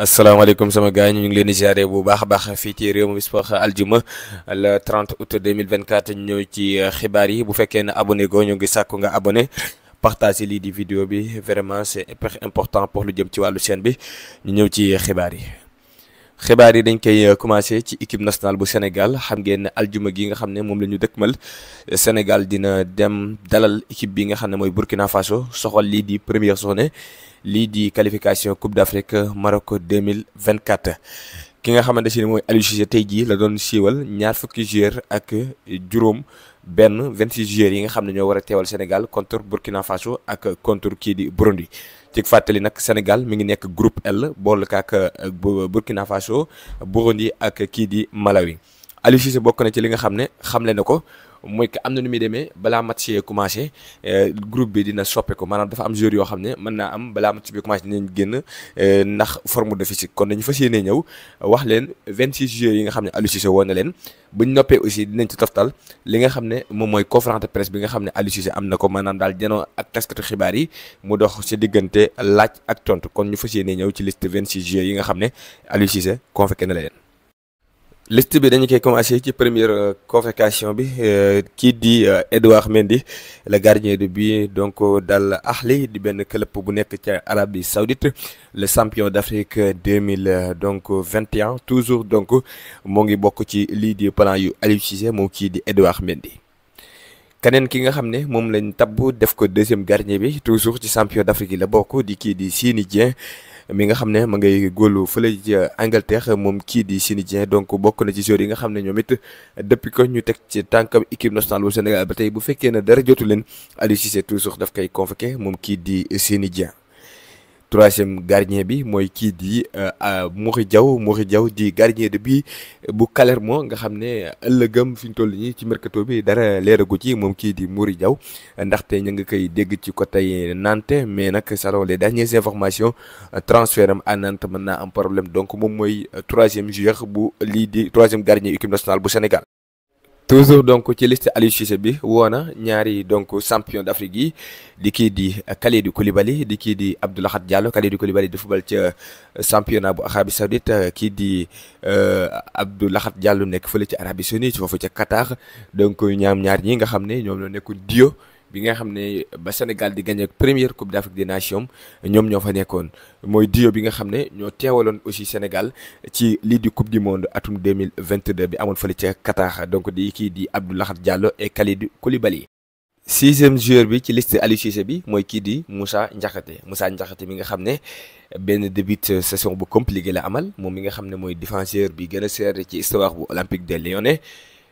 asalaamaaleykum sama gars ñu ngi leen di ziare bu baax a baax fii ci réew mi sport aljuma le mille août 2024 ñu ñëw ci xibaar yi bu fekkee ne abonné go ñu ngi sàkku nga abonné partage lii di vidéo bi vraiment c'est hyper important pour lu jëm ci wàllu chaîne bi ñu ñëw ci xibaar yi. xibaar yi dañ koy euh, commencé ci équipe nationale bu Sénégal xam ngeen ne aljuma gi nga xam ne moom la ñu dëkkmal Sénégal dina dem dalal équipe bi nga xam ne mooy Burkina Faso soxal lii di première journée lii di qualification Coupe d'Afrique vingt 2024 ki nga xamante si ne mooy Aliou Cissé tey jii la doon siiwal ñaar fukki joueurs ak juróom benn 26 joueurs yi nga xam ne ñoo war a teewal Sénégal contre Burkina Faso ak contre kii di Burundi ci fàttali nag Sénégal mi ngi nekk groupe L boole kaak euh, Burkina Faso Burundi ak kii di Malawi Aliou Cissé bokk na ci li nga xam ne xamle na ko mooy que am na nu muy demee balaa match yee commencé euh, groupe bi dina soppeeku maanaam dafa am joueurs yoo xam ne mën naa am balaa match bi commencé dinañ génn euh, ndax forme de physique kon dañu fas yéene ñëw wax leen 26 joueurs yi nga xam ne Aliou Cissé na leen bu ñu aussi dinañ ci toftal li nga xam ne moom mooy conférence de bi nga xam ne Aliou Cissé am na ko maanaam daal janoo ak taskatu xibaar yi mu dox ci diggante laaj ak tontu kon ñu fas yéene ñëw ci liste 26 joueurs yi nga xam ne Aliou Cissé convoqué na leen. liste bi dañu koy commencé ci première euh, convocation bi euh, kii di Edouard euh, Mendy le gardien de but donc dal Ahli di benn club bu nekk ca Arabie Saoudite le champion d'Afrique deux mille donc vingt et toujours donc moo ngi bokk ci lii di plan yu Aliou Cissé moom kii di Edouard Mendy. keneen ki nga xam ne moom lañ tabb def ko deuxième gardien bi toujours ci champion d'Afrique yi la bokk di kii di Seny Dieng. mi nga xam ne ma ngay góolu fële ci Angleterre moom kii di Seny Dieng donc bokk na ci joueurs yi nga xam ne ñoom it depuis que ñu teg ci tànkam équipe nationale bu Sénégal ba tey bu fekkee ne dara jotu leen Aliou Cissé toujours daf koy convoqué moom kii di Seny Dieng troisième gardien bi mooy kii di euh, euh, Mory Diaw Mory jaw di gardien de bi bu Clermont nga xam ne ëllëgëm fi ñu toll nii ci mercato bi dara leeragu ci moom kii di muuri jaw ndaxte ñu ngi koy dégg ci côté Nantes mais nag selon les dernières informations transfert am à Nantes mën naa am problème donc moom mooy troisième joueur bu lii di troisième gardien équipe nationale bu Sénégal. toujours donc ci liste Aliou Cissé bi woona ñaari donc champion d'Afrique yi di kii di Kalidou Koulibaly di kii di Abdou Lahad Diallo Kalidou Koulibaly di football ca euh, championnat bu Arabie Saoudite euh, kii di euh, Abdou Lahad Diallo nekk fële ci Arabie Saoudite foofu ca Qatar donc ñaam ñaar ñi nga xam ne ñoom la nekkul dio bi nga xam ne ba Sénégal di gagné première coupe d'Afrique des nations ñoom ñoo fa nekkoon mooy duo bi nga xam ne ñoo teewaloon aussi Sénégal ci lii di coup du monde atum 2022 bi amoon fële ca Qatar donc di kii di Abdou Lahad jaalo et Kalidou Koulibaly sixième joueur bi ci list Aliou Cissé bi mooy kii di Moussa njaxate musa njaxate mi nga xam ne benn début saison bu compliqué la amal moom mi nga xam ne mooy défenseur bi gën a seer ci histoire bu Olympique de Lyonnais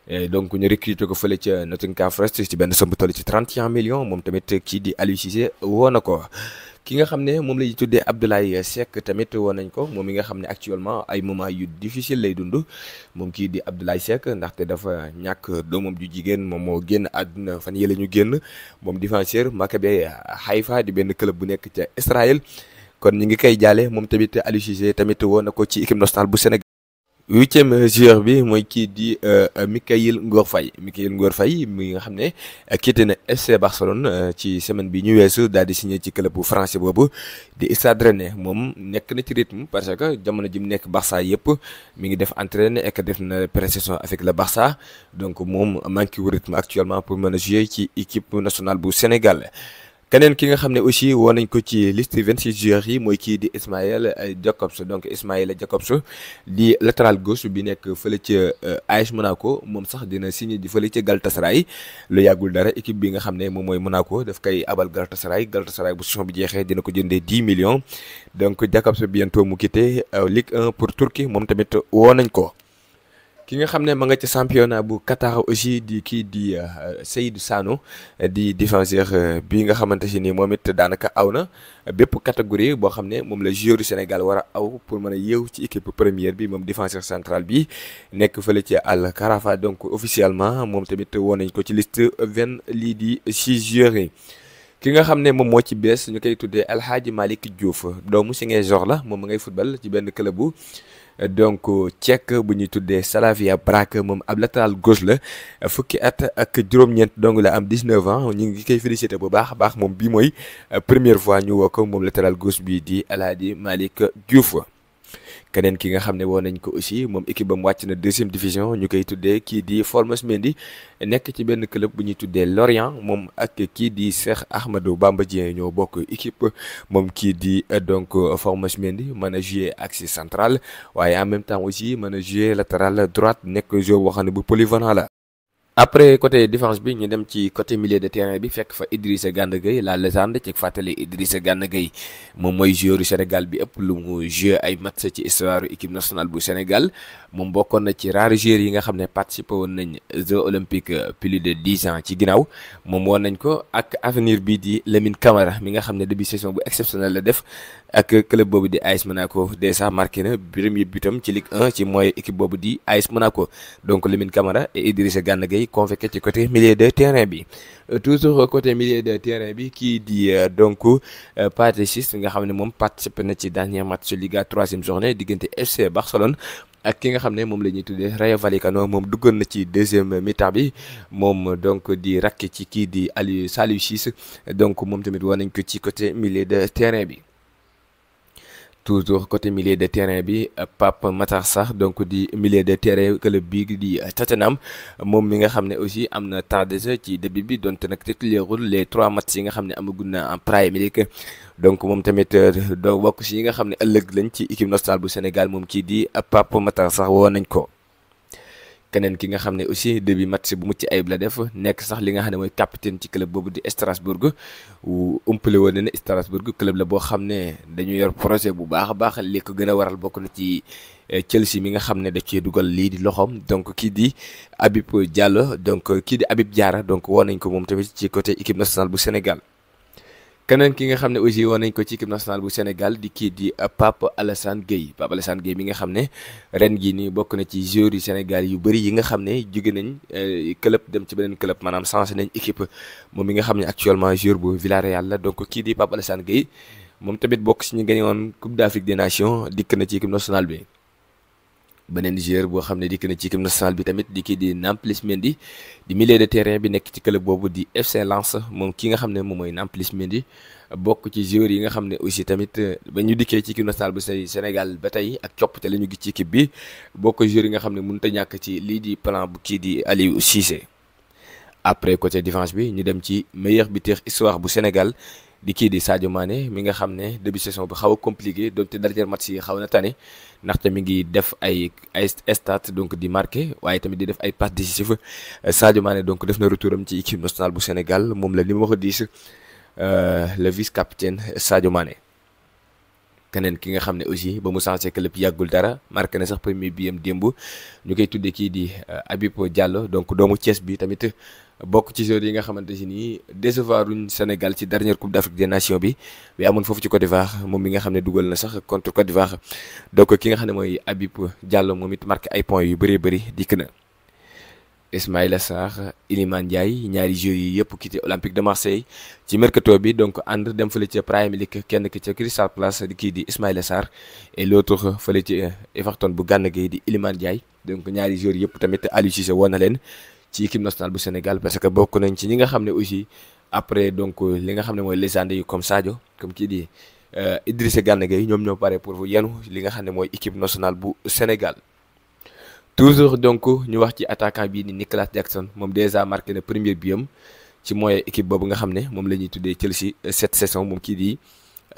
et donc ñu recruter ko fële ca Nottingham Forest ci benn somme bu toll ci 31 millions moom tamit kii di Aliou Cissé woo na ko. ki nga xam ne moom la ñuy tuddee Abdoulaye Seck tamit woon nañ ko moom mi nga xam ne actuellement ay moment yu difficile lay dund moom kii di Abdoulaye Seck ndaxte dafa ñàkk doomam ju jigéen moom moo génn àdduna fan yële ñu génn moom défenseur Maccabi Haifa di benn club bu nekk ca Israël kon ñu ngi koy jaale moom tamit Aliou na ko ci équipe nationale bu Sénégal. huitième joueur bi mooy kii di euh, Mikayil Ngor fay Mikayil Ngor Faye mi nga xam ne euh, quitté na FC Barcelone euh, ci semaine bi ñu weesu daal di signé ci club bu français boobu di Stade Rennais moom nekk na ci rythme parce que jamono ji mu nekk Barça yëpp mi ngi def entraîné et que def na pré-saison avec le Barça donc moom manqué wu rythme actuellement pour mën a jouer ci équipe nationale bu Sénégal. keneen ki nga xam ne aussi woo nañ ko ci liste 26 joueurs yi mooy kii di Ismaël euh, Jacobs donc Ismaël Jacobs di latéral gauche bi nekk fële ca euh, AS Monaco moom sax dina signé di fële ca Galatasaray lu yàggul dara équipe bi nga xam ne moom mooy Monaco daf koy abal Galatasaray Galatasaray bu saison bi jeexee dina ko jënde 10 millions donc Jacobs bientôt mu quitté euh, Ligue 1 pour Turquie moom tamit woo nañ ko. ki nga xam ne ma nga ca championnat bu Qatar aussi di kii di euh, Seydou Sano di défenseur euh, bi nga xamante si ni moom it daanaka aw na bépp catégorie boo xam ne moom la joueur Sénégal war a aw pour mën a yeew ci équipe première bi moom défenseur central bi nekk fële ci Al Karafa donc officiellement moom tamit woon nañ ko ci liste vingt lii di six joueurs yi ki nga xam ne moom moo ci bees ñu koy tuddee El Hadji Malick Diouf doomu Ziguinchor la moom ma ngay football ci benn club donc tchèque bu ñuy tuddee Slavia Prague moom ab latéral gauche la fukki at ak juróom-ñeent donc la am 19 ans ñu ngi koy félicité bu baax a baax moom bi mooy première fois ñu woo ko moom latéral gauche bii di Aladji Malick Diouf. keneen ki nga xam ne woo nañ ko aussi moom équipe bam wàcc na deuxième division ñu koy tuddee kii di Formose Mendy nekk ci benn club bu ñuy tuddee Lorient moom ak kii di Cheikh Ahmadou Bamba Dieng ñoo bokk équipe moom kii di euh, donc euh, Formose Mendy mën a jouer axe centrale waaye en même temps aussi mën a jouer latéral droite nekk joueur boo xam ne bu polyvalent la après côté défense bi ñu dem ci côté milieu de terrain bi fekk fa Idrissa Gana Gueye la légende ci fàttali Idrissa Gana Gueye moom mooy joueur Sénégal bi ëpp lu mu joué ay match ci histoire équipe nationale bu Sénégal moom bokkoon na ci rares joueurs yi nga xam ne participé woon nañ Jeux olympiques plus de dix ans ci ginnaaw moom woon nañ ko ak avenir bii di Lamine Camara mi nga xam ne début saison bu exceptionnel la def ak club boobu di AS Monaco déjà marqué na premier butam ci Ligue 1 ci mooy équipe boobu di AS Monaco donc Lamine Camara et Idrissa Gana Gueye convoqué ci côté milieu de terrain bi euh, toujours côté milieu de terrain bi kii di euh, donc euh, Pathé Ciss nga xam ne moom participé na ci dernier match Liga troisième journée diggante FC Barcelone ak ki nga xam ne moom la ñuy tuddee Rayo Vallecano moom duggal na ci deuxième mi-temps bi moom donc di rakk ci kii di ali Saliou Ciss donc moom tamit woon nañ ko ci côté milieu de terrain bi. toujours côté milieu de terrain bi Pape Matar sax donc di milieu de terrain club bi di Tottenham moom mi nga xam ne aussi am na temps de jeu ci début bi dont nag titulairewul les trois mat yi nga xam ne amagun na en Premier League donc moom tamit euh, doo bokk si yi nga xam ne ëllëg lañ ci équipe nationale bu Sénégal moom kii di Pape Matar Sarr woo nañ ko. keneen ki nga xam ne aussi début match bu mucc ayib la def nekk sax li nga xam ne mooy capitaine ci club boobu di Strasbourg umpale woon na ne Strasbourg club la boo xam ne dañu yor projet bu baax a baax li ko gën a waral bokk na ci eh, Chelsea mi nga xam ne da cee dugal lii di loxoom donc kii di Habib Diallo donc kii di Habib Diarra donc woo nañ ko moom tamit ci côté équipe nationale bu Sénégal. keneen ki nga xam ne aussi woon nañ ko ci équipe nationale bu Sénégal di kii di euh, Pape Alassane Gueye Pape Alassane Gueye mi nga xam ne ren gi nii bokk na ci joueurs yu Sénégal yu bëri yi nga xam ne jóge nañ euh, club dem ci beneen club maanaam changé nañ équipe moom mi nga xam ne actuellement joueur bu Villarreal la donc kii di Pape Alassane Gueye moom tamit bokk si ñu gagné woon Coupe d'Afrique des Nations dikk na ci équipe nationale bi. beneen joueur boo xam ne dikk na ci équipe nationale bi tamit di kii di Nampalys Mendy di milieu de terrain bi nekk ci club boobu di FC moom ki nga xam ne moom mooy Nampalys Mendy bokk ci joueurs yi nga xam ne aussi tamit euh, ba ñu dikkee ci équipe nationale bu Sénégal ba tey ak coppite la ñu gis ci équipe bi bokk joueurs yi nga xam ne mënut a ñàkk ci lii di plan bu kii di ali Aliou Cissé après côté défense bi ñu dem ci meilleur buteur histoire bu Sénégal. di kii di Sadio Mané mi nga xam ne début saison bi xaw a compliqué donc te dernier match yi xaw na tane ndaxte mi ngi def ay ay stats donc di marqué waaye tamit di def ay passes décisives Sadio Mané donc def na retouram ci équipe nationale bu Sénégal moom la numéro 10 euh, le vice capitaine Sadio Mané. keneen ki nga xam ne aussi ba mu changé club yàggul dara marqué na sax premier bi am démb ñu koy tuddee kii di euh, Habib Diallo donc doomu Thiès bi tamit. bokk ci joueurs yi nga xamante si nii décevoir luñ Sénégal ci dernière Coupe d'Afrique des Nations bi bi amoon foofu ci Côte d'Ivoire moom mi nga xam ne dugal na sax contre Côte d'Ivoire donc ki nga xam ne mooy Habib Diallo moom it ay points yu bëree bëri dikk na Ismaïla Sarr Iliman Ndiaye ñaari joueurs yi yëpp quitté Olympique de Marseille ci mercato bi donc ànd dem fële ca Premier League kenn ki ca Crystal Palace kii di Ismaïla Sarr et l'autre fële ci Everton bu gànn gi di Iliman Ndiaye donc ñaari joueurs yëpp tamit Aliou woon na leen ci équipe nationale bu Sénégal parce que bokk nañ ci ñi nga xam ne aussi après donc euh, li nga xam ne mooy légende yi comme Sadio comme kii di euh, Idrissa Gana Gueye ñoom ñoo pare pour yenu li nga xam ne mooy équipe nationale bu Sénégal. toujours donc ñu wax ci attaquant bii ni Nicolas Jackson moom déjà marqué na bi biam ci mooy équipe boobu nga xam ne moom la ñuy tuddee Chelsea cette saison moom kii di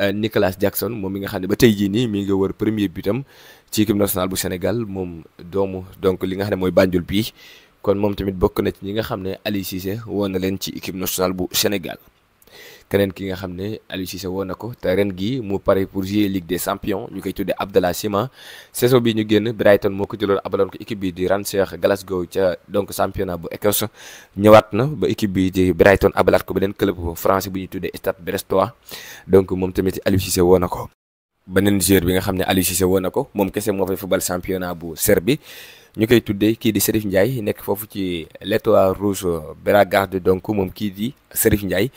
euh, Nicolas Jackson moom mi nga xam ne ba tey jii nii mi nga wër premier butam ci équipe nationale bu Sénégal moom doomu donc li nga xam ne mooy Banjul bii. kon moom tamit bokk na ci ñi nga xam ne Aliou Cissé woo leen ci équipe nationale bu Sénégal keneen ki nga xam ne Aliou Cissé na ko te ren gi mu pare pour jouer Ligue des champions ñu koy tuddee Abdallah Sima saison bi ñu génn Brighton moo ko jëloon abaloon ko équipe bi di Rangers Glasgow ca donc championnat bu Écosse ñëwaat na ba équipe bi di Brighton abalaat ko beneen club français bu ñuy tuddee Stade Brestois donc moom tamit Aliou Cissé woo na ko. beneen joueur bi nga xam ne Aliou Cissé woo ko moom kese moo fay football championnat bu Serbie. ñu koy tuddee kii di Serif Ndiaye nekk foofu ci l'Étoile Rouge garde donc moom kii di Serif Ndiaye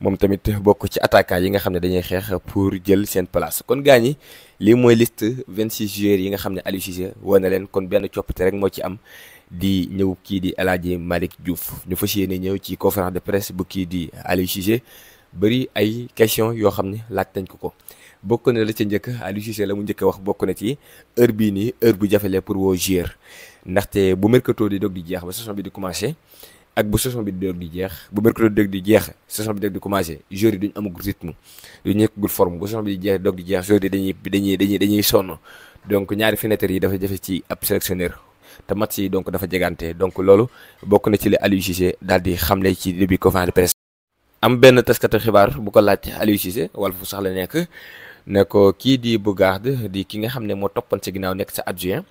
moom tamit bokk ci attaquant yi nga xam ne dañuy xeex pour jël seen place kon gaa ñi lii mooy liste 26 joueurs yi nga xam ne Aliou Cissé leen kon benn coppite rek moo ci am di ñëw kii di El Hadji Malick Diouf ñu fas yéene ñëw ci conférence de presse bu kii di Aliou Cissé bëri ay question yoo xam ne laaj nañ ko ko. bokk na la ca njëkk Aliou Cissé la mu njëkk wax bokk na ci heure bii nii heure bu jafe la pour woo joueur ndaxte bu mercato di dog di jeex ba saison bi di commencé ak bu saison bi di dog jeex bu mercato di dog di jeex saison bi di commencé joueur yi duñ amagul rythme duñ nekkagul forme bu saison bi di dog di jeex joueur yi dañuy dañuy dañuy dañuy donc ñaari fenêtre yi dafa jafe ci ab sélectionneur te match yi donc dafa jegante donc loolu bokk na ci li Aliou daal di xamle ci début conférence de am benn taskatu xibaar bu ko laaj Aliou Cissé Walf sax la nekk ne ko kii di Bogarde di ki nga xam ne moo toppoon sa ginnaaw nekk sa adjoint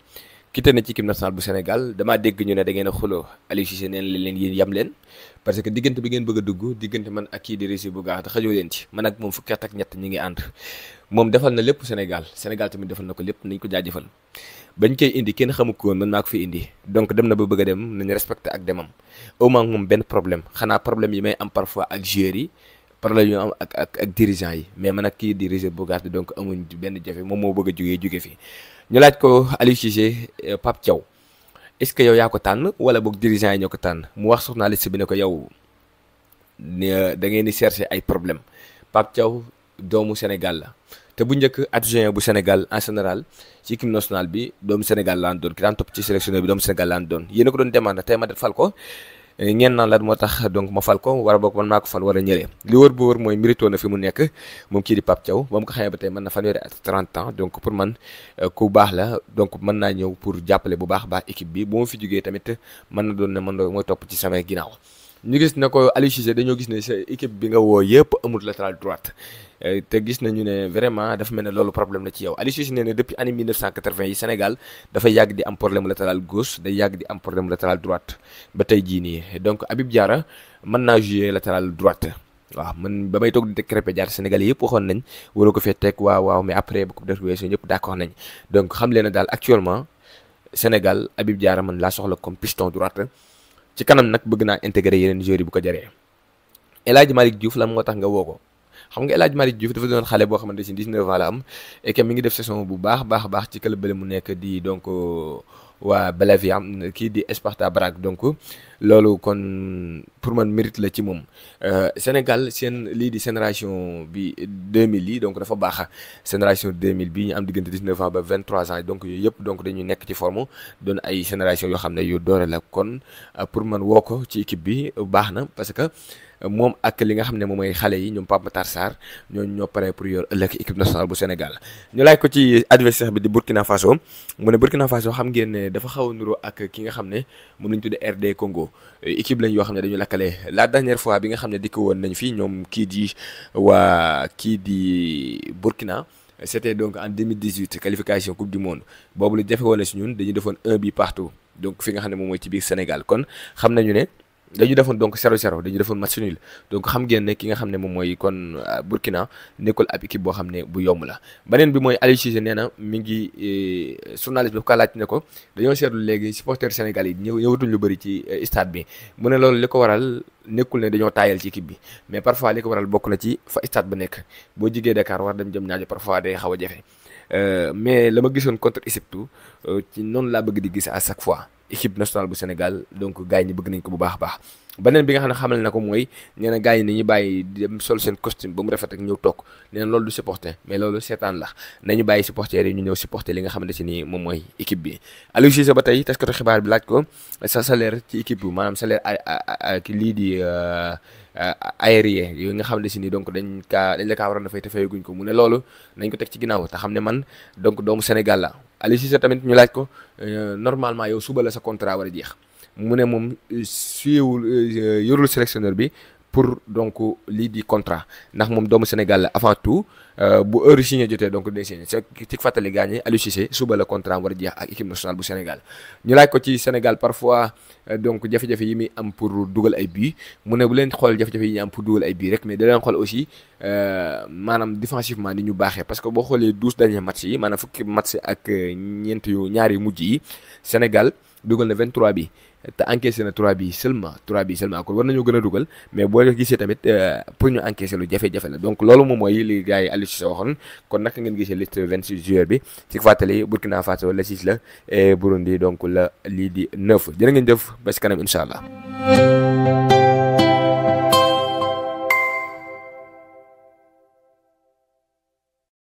quitté na ci équipe nationale bu Sénégal damaa dégg ñu ne da ngeen a xuloo Aliou Cissé neen leen yéen yam leen parce que diggante bi ngeen bëgg a dugg diggante man ak kii di Régis Bogarde xajoo leen ci man ak moom fukki at ak ñett ñi ngi ànd moom defal na lépp Sénégal Sénégal tamit defal na ko lépp nañ ko jaajëfal bañ koy indi kenn xamu ko man maa ko fi indi donc dem na ba bëgg a dem respecté ak demam au moins moom benn problème xanaa problème yi may am parfois ak joueurs yi problème yu am ak ak ak dirigeant yi mais man ak kii diriger Boughaardi donc amuñ benn jafe moom moo bëgg a juge jóge fi ñu laaj ko Aliou pap euh, Pape Thiaw est-ce que yow yaa ko tànn wala boog dirigeant yi ñoo ko tànn mu wax journaliste bi ne ko yow da ngeen di chercher ay problème Pape Thiaw doomu Sénégal la te bu njëkk adjoint bu Sénégal en général ci équipe nationale bi doomu Sénégal laan doon ki daan topp ci sélectionneur bi doomu Sénégal laan doon yéena ko doon demandé tey ma defal ko ñenn naan lan moo tax donc ma fal ko war a bokk man maa ko fal war a ñëlee li wër bu wër mooy mérito na fi mu nekk moom kii di Pape Thiaw ba mu ko xamee ba tey mën na fanweeri at 30 ans donc pour man euh, ku baax la donc mën naa ñëw pour jàppale bu baax baax équipe bi boo ma fi jógee tamit mën na doon ne man mooy topp ci samay ginnaaw ñu gis ne ko Aliou dañoo gis ne sa équipe bi nga woo yëpp amul latéral droite Euh, te gis nañu ne vraiment dafa mel ne loolu problème la ci yow Aliou Cissé nee na depuis année 1980 yi Sénégal dafa yàgg di am problème la latéral gauche da yàgg di am problème latéral droite ba tey jii nii donc Habib jaara man naa jouer latéral droite. waaw man ba may toog di Krépin Diatta Sénégalais yëpp waxoon nañ wala ko fee teg waaw waaw mais après ba Coupe d'Afrique weesu ñëpp d'accord nañ donc xam leen ne daal actuellement Sénégal Habib Diarra man laa soxla comme piston droite ci kanam nag bëgg naa intégrer yeneen joueurs bu ko jaree El Hadj Malick Diouf lan moo tax nga woo ko xam nga El Hadj Malick dafa doon xale boo xamante si 19 ans la am et que ngi def saison bu baax baax baax ci club bële mu nekk di donc euh, waa Belavia kii di Sparta Brague donc loolu kon pour man mérite la ci moom euh, Sénégal seen lii di génération bi 2000 yi donc dafa baax génération 2000 bi ñu am diggante 19 ans ba 23 ans donc yooyu yëpp donc dañuy nekk ci forme doon ay génération yoo xam ne yu doore la kon euh, pour man woo ko ci équipe bi baax na parce moom ak li nga xam ne moom mooy xale yi ñoom Pape Matar Sarr ñooñu ñoo pare pour lekk ëllëg équipe nationale bu Sénégal ñu laaj ko ci adversaire bi di Burkina Faso mu ne Burkina Faso xam ngeen ne dafa xaw a nuroo ak ki nga xam ne moom la ñu tuddee RD Congo équipe lañ yoo xam ne dañu lakkale la dernière fois bi nga xam ne dikk woon nañ fii ñoom kii di waa kii di Burkina c'était donc en 2018 qualification coupe du monde boobu la jafe woon na si ñun dañu defoon un bi fi nga xam ne moom mooy ci biir Sénégal kon xam nañu ne dañu defoon donc 0-0 dañu defoon match nul donc xam ngeen ki nga xam ne moom mooy kon euh, Burkina nekkul ab équipe boo xam ne bu yomb la beneen bi mooy Aliou Cissé nee na mi ngi euh, journaliste bi ko laaj ne ko dañoo seetu léegi supporters Sénégal yi ñëw ñëwatuñ lu bëri ci euh, stade bi mu ne loolu li ko waral nekkul ne dañoo taayal ci équipe bi mais parfois li ko waral bokk na ci fa stade ba nekk boo jigee Dakar war dem jëm ñaajo parfois day xaw a jafe mais la ma gisoon contre Égypte ci noonu laa bëgg di gis à chaque fois équipe nationale bu Sénégal donc gars yi ñi bëgg nañ ko bu baax a baax beneen bi nga xam ne xamal na ko mooy nee na gars yi nañu bàyyi dem sol costume ba mu rafet ak ñëw toog nee na loolu du supporter mais loolu seetaan la nañu bàyyi supporter yi ñu ñëw supporter li nga xamante si nii moom mooy équipe bi Aliou Cissé ba tey taskatu xibaar bi laaj ko sa salaire ci équipe bi maanaam salaire ki lii di euh, aérien yooyu nga xam ne si nii donc dañ kaa dañ la kaa fay te fayaguñ ko mu ne loolu nañ ko teg ci ginnaaw te xam ne man donc doomu Sénégal Aliou Cissé tamit ñu laaj ko euh, normalement yow suba la sa contrat war a jeex mu ne moom euh, suiwul euh, yorul sélectionneur bi pour donc lii di contrat ndax moom doomu Sénégal la avant tout euh, bu heure signé jotee donc day signé ci fàttali gaañ ñi Aliou Cissé suba la contrat war a jeex ak équipe nationale bu Sénégal ñu laaj ko ci Sénégal parfois euh, donc jafe-jafe yi muy am pour dugal ay bii mu ne bu leen xool jafe-jafe yi ñu am pour dugal ay bii rek mais da leen aussi euh, maanaam défensivement ni ñu baaxee parce que boo xoolee douze derniers matchs yi maanaam fukki match ak ñeent yu ñaari muj yi Sénégal. dugal na 23 bi te encaissé na trois bi seulement 3 bi seulement kon war nañoo gën a dugal mais boo ko gisee tamit euh, pour ñu encaissé lu jafe-jafe la donc loolu moom mooy li gars yi Aliou Cissé waxoon kon naka ngeen gisee liste 26 joueurs bi ci fàttali Burkina Faso la 6 la et Burundi donc la lii di 9 jërë ngeen jëf ba ci kanam incha allah.